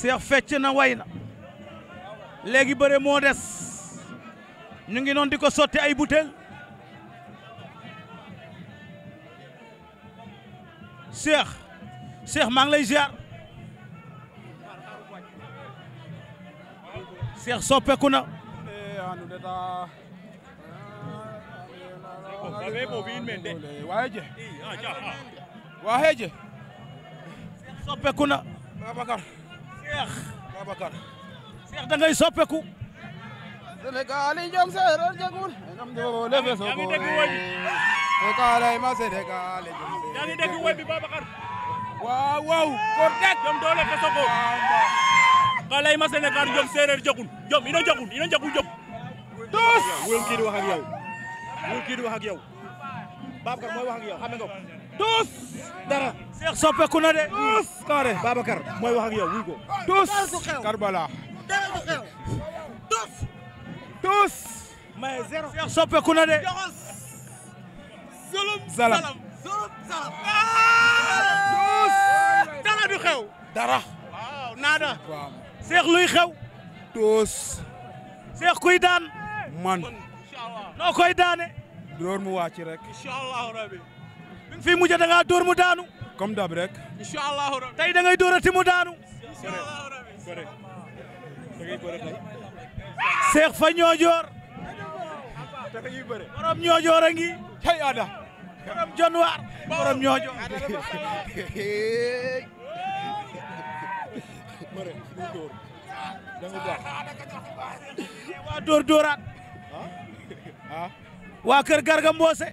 Cheikh fecc na way na léegi bëre moo des ñu ngi noon di ko sotti ay butéel Cheikh Cheikh maa ngi lay ziar Cheikh soppeeku na waaye je na Cheikh Babacar Cheikh da ngay soppeeku yi ma Sénégal yaa ngi dégg woy bi Babacar waaw waaw kor dek ñoom do lefe so ko ma Sénégal ñoom séeréer jagul ñoom ina jagul ina jagul jog tos wul kii di wax ak yow wul kii di wax ak yow mooy wax ak yow xam tous dara. Cheikh soppeeku na de. tous carré Babacar mooy wax ak yow dara du xew tous. tous. mais zéro soppeeku na de. joxos. zulum salam zulum dara du xew. dara. waaw naada. waaw luy xew. tous. Cheikh kuy daan. man. noo koy daane. door mu wàcc rek. fii mujj da ngaa dóor mu daanu. comme dab rek. incha allahu rabi mu daanu. incha allahu rabi bëre bëre tey. Seex fa ñoojoor. borom ñoojoor a ngi. hey Ada. borom waa kër Garga Mbossé.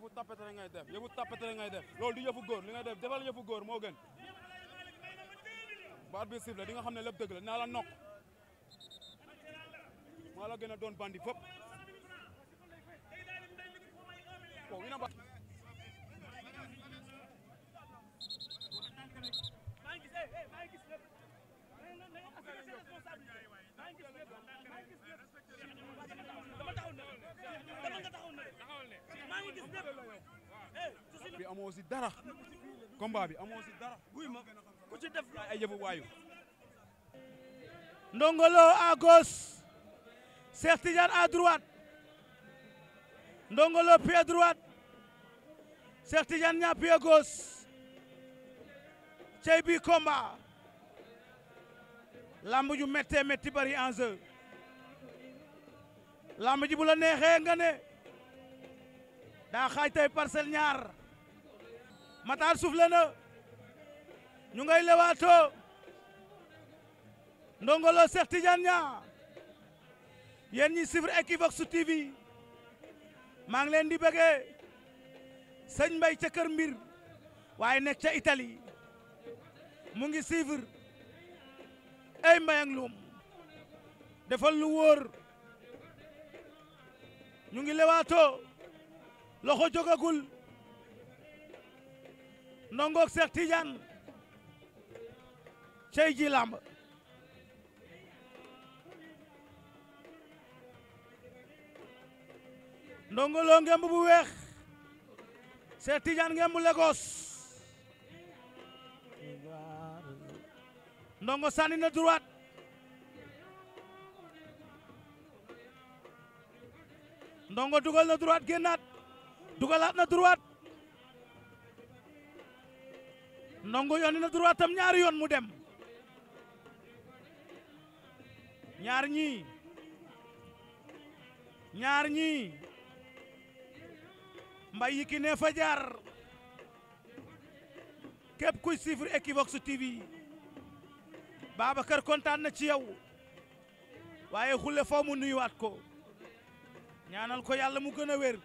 yëfu tapete ngay def yëfu tapete rek ngay def loolu du yëfu góor li ngay def defal yëfu góor moo gën ba at bi sifle di nga xam ne lépp dëgg la naa la nokk maa la gën a doon bandi fëpp bi amoo si dara combat bi amoo si dara guy ci def ay yëfu waayu Ndongo Lo à gauche Cheikh Tidiane à droite Ndongo Lo pied droite Cheikh Tidiane Niang cey bi combat lamb ju méttee métti bari enjeu lamb ji neexee nga ne daa xaaj tey parcelle ñaar Matar soufflé na ñu ngay lewaato ndongolo Cheikh Tidiane Niang yéen ñi suivre Equivox TV maa ngi leen di bëggee sëñ Mbay ca kër mbir waaye nekk ca Italie mu ngi suivre ay mbay ak defal lu woor ñu ngi lewaato loxo jógagul ndongoog Seex Tijaan cey ji làmb ndongo loo ngemb bu weex Seex Tijaan ngemb Lagos ndongo sànni na droite ndongo dugal na droite génnaat dugalaat na droite ndongo yónni na droite tam ñaari yoon mu dem ñaar ñii ñaar ñii mbay yi ki ne jaar képp kuy suivre Equivox TV Babacar kontaan na ci yow waaye xule foo mu nuyuwaat ko ñaanal ko yàlla mu gën a wér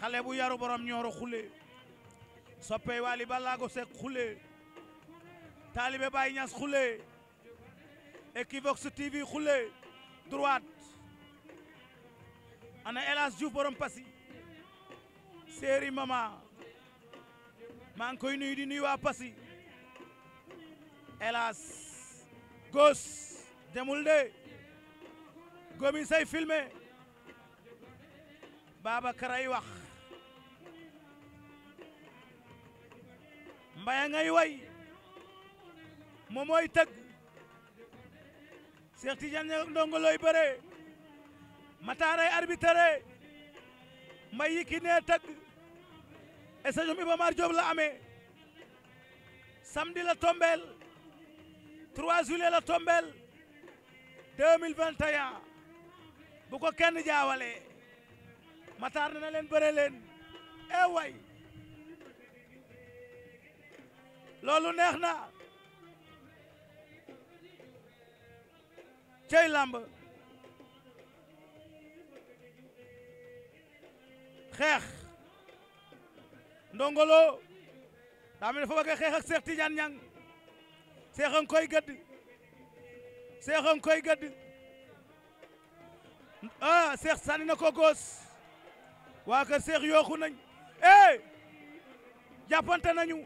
xale bu yaru borom ñooro xule soppey waali balaago sekk xule taalibe Baye Niass xule Equivox TV xule droite ana Elas Diouf borom pasi séeri mama maa ngi koy nuyu di nuyu waa pasi Elas gos demul de gomi say filmé Babacar ay wax mbaya ngay way moom mooy tëgg Cheikh Tidiane Ndongo looy bëree mataaray arbitre mbay yi ki nee tëgg stadium Iba Mar Diop la amee samedi la tombeel 3 juillet la tombeel 2021 bu ko kenn jaawale mataar na leen bëre leen e loolu neex na cey làmb xeex Ndongo Lo daa mel dafa bëgg a xeex ak Cheikh Tidiane Niang a ngi koy gëdd a ngi koy gëdd ah Cheikh sànni na ko góos waa kër Cheikh yooku nañ eh jàppante nañu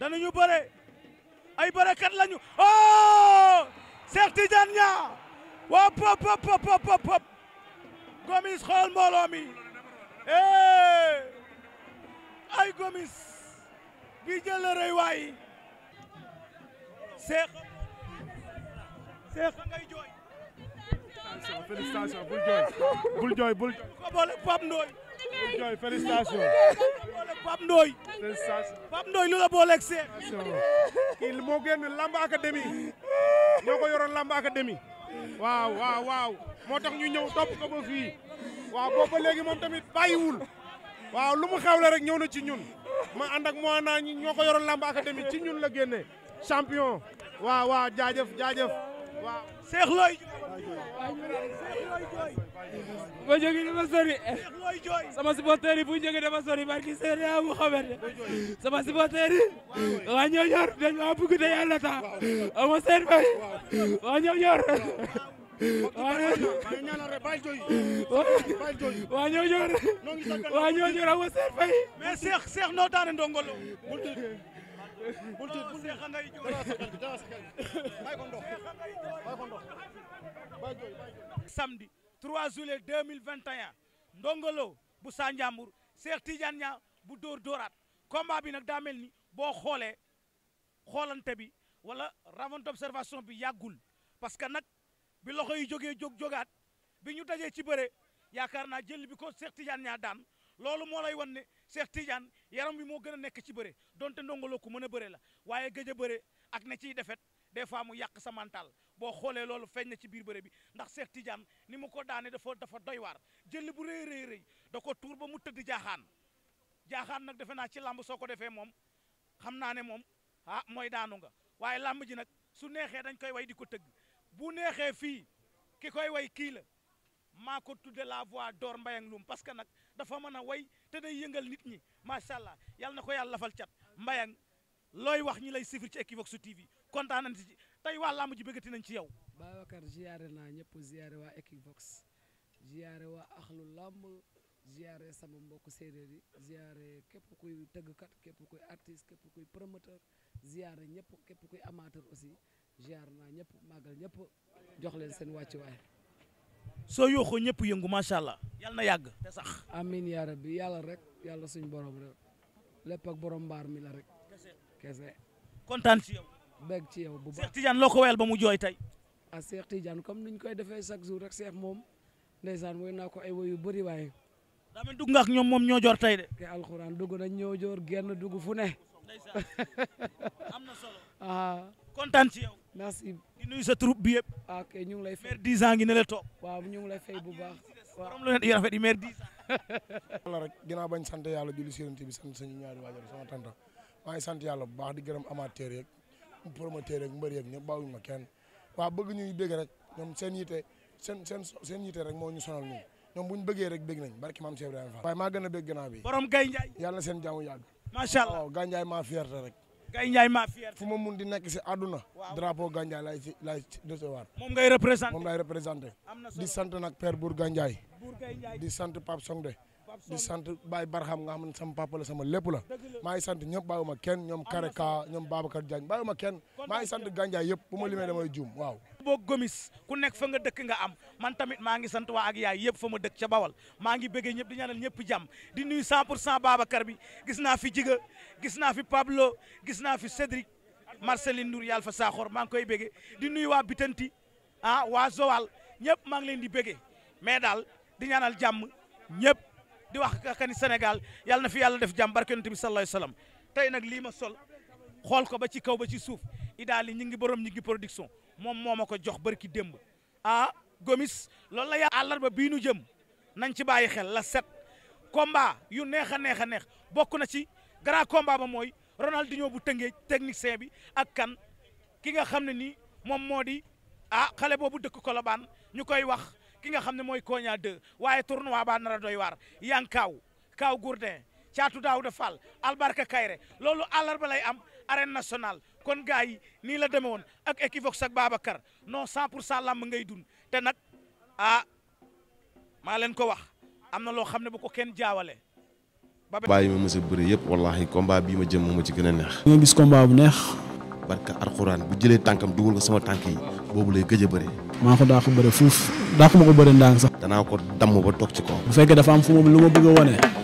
danañu bëre ay bërekat lañu oh Cheikh Tidiane Niang waa pop pop pop pop Gomis xool mbooloo mi ay Gomis bi jël rëy waay Cheikh Cheikh ngay jooy bul jooy bul jooy bul ko Ndioy félicitations. Pape Ndoye. félicitations Pape Ndoye lu la booleeg seet. kii moo génn Lamba Académie ñoo ko yoroon Lamba Académie. waaw waaw waaw moo tax ñu ñëw topp ko ba fii waaw boobu ba léegi moom tamit bàyyiwul waaw lu mu xewle rek ñëw na ci ñun ma ànd ak moo naa ñi ñoo ko yoroon Lamba Académie ci ñun la génne champion waaw waaw jaajëf jaajëf waaw Cheikh ma jógee dama sori sama supporteur yi bu ñu jógee dama sori barki Seydina Mouhamed sama supporteur yi waa ñoo ñor dañ trois 3 juillet 2021 Ndongo Lo bu saa Sanjambur Cheikh Tidiane Niang bu Dóor Dóoraat combat bi nag daamel ni boo xoolee xoolante bi wala ravante observation bi yàggul parce que nag bi loxo yi jógee jóg jogaat bi ñu dajee ci bëre yaakaar naa jël bi ko Cheikh Tidiane Niang daan loolu moo lay wan ne Cheikh yaram bi moo gën a nekk ci bëre donte Ndongo Lo ku mën a bëre la waaye gëj a bëre ak na ciy defet des fois mu yàq sa boo xoolee loolu feeñ na ci biir bëre bi ndax Cheikh Tidiane ni mu ko daane dafa dafa doy waar jël bu rëy rëy rëy da ko tuur ba mu tëdd jaaxaan jaaxaan nag defe naa ci làmb soo ko defee moom xam naa ne moom ah mooy daanu nga waaye làmb ji nag su neexee dañ koy way di ko tëgg bu neexee fii ki koy way kii la maa ko tudde la voix d'or mbayang lum parce que nag dafa mën a way te day yëngal nit ñi macha allah yal na ko yàlla fal cat mbayang looy wax ñi lay sifir ci kontaan nañ ci tey waa làmb ji bëggati nañ ci yow. Babacar ziare naa ñëpp ziare waa Equivox ziare wa axlu làmb ziare sama mbokk séeréer yi ziare képp kuy tëggkat képp ku artiste képp kuy promoteur ziare ñëpp képp kuy amateur aussi ziare naa ñëpp màggal ñëpp jox leen seen wàccuwaay. soo yooxoo ñëpp yëngu macha allah yal na yàgg te sax. amiin yaa rabbi rek yàlla suñ borom rek lépp ak borom mbaar mi la rek. kese kontaan ci bëgg ci yow bu baax Cheikh Tidiane loo ko wéyal ba mu jooy tey. ah Cheikh Tidiane comme niñ koy defee chaque jour rek Cheikh moom ndeysaan woy naa ko ay woy yu bëri waaye. daa mel dugg nga ak ñoom moom ñoo joor tey de. te alxuraan dugg nañ ñoo joor genn dugg fu ne. am na solo. ah kontaan ci yow. merci. di nuyu sa troupe bi yëpp. ah kay ñu ngi lay fay maire 10 ngi ne toog. waaw ñu ngi fay bu baax. waaw borom la yu rafet yi maire 10 ans. yàlla rek ginnaaw bañ sant yàlla julli si yonent bi sant suñu ñaari waajur sant yàlla bu di gërëm amateur yeeg promoteur rek mbër yeeg ñëpp bàyyiwuñ ma kenn waaw bëgg ñuy bégg rek ñoom seen yite seen seen seen yite rek moo ñu sonal ñun ñoom bu ñu bëggee rek bégg nañ barki maam Cheikh Ibrahima Fall waaye maa gën a bégg gannaaw bi borom Gaye Ndiaye na seen jàmm yàgg macha allah waaw Gaye Ndiaye maa fierté rek Gaye Ndiaye maa fierté fu ma mun di nekk si àdduna drapeau Gaye Ndiaye laay si laay recevoir moom ngay représenté moom laay représenté di sant nag père Bour Gaye Ndiaye di sant Pape de di sant Baye Barham nga xam ne sama papa la la maa ngi sant ñëpp bàyyiwuma kenn ñoom Kareka ñoom Babacar Diagne bàyyiwuma kenn maa ngi sant gànjaay yëpp bu ma am man tamit maa ngi sant waa ak yaay yëpp fa ma dëkk ca Bawal maa ngi bëggee ñëpp di ñaanal ñëpp jàmm di nuyu 100 pour cent Babacar bi gis naa fi Jiga gis naa fi Pablo gis naa fi Cédric Marceline Ndour yàlla fa saaxoor maa ngi koy bëggee di nuyu waa Bitanti ah waa Zowal ñëpp maa ngi leen di bëggee mais daal di ñaanal jàmm ñëpp di wax kani Sénégal yàlla na fi yàlla def jàmm barke yonent bi sallallahu alayhi tey nag lii ma sol xool ko ba ci kaw ba ci suuf idaali ñi ngi borom ñi ngi production moom moo ma ko jox barki démb ah gomis loolu la yàlla àllarba bii nu jëm nañ ci bàyyi xel la set komba yu neex a neex a neex bokk na ci grand combat ba mooy Ronaldinho bu tëngee technicien bi ak kan ki nga xam ne nii moom moo di ah xale boobu dëkk ko Colobane ñu koy wax ki nga xam ne mooy Koña 2 waaye tournoi baa nar a doy waar Yankaaw Kaaw Gourdin Caatu Daawuda Fall Albarka Kayre loolu ba lay am arène nationale kon gars yi nii la deme woon ak Equivox ak Babacar no 100 pour cent làmb ngay dun te nag ah maa leen ko wax am na loo xam ne bu ko kenn jaawale ba bàyyi ma mës a bëri yëpp wallahi combat bii ma jëm moo ma ci gën a neex. ñoo gis combat bu neex. barka alxuraan bu jëlee tànkam dugal ko sama tànk yi boobu lay gëj a bëri. maa ko daa ko bëri fuuf ko ma ko sax. danaa ko damm ba toog ci kaw. bu fekkee dafa am fu mu lu ma bëgg a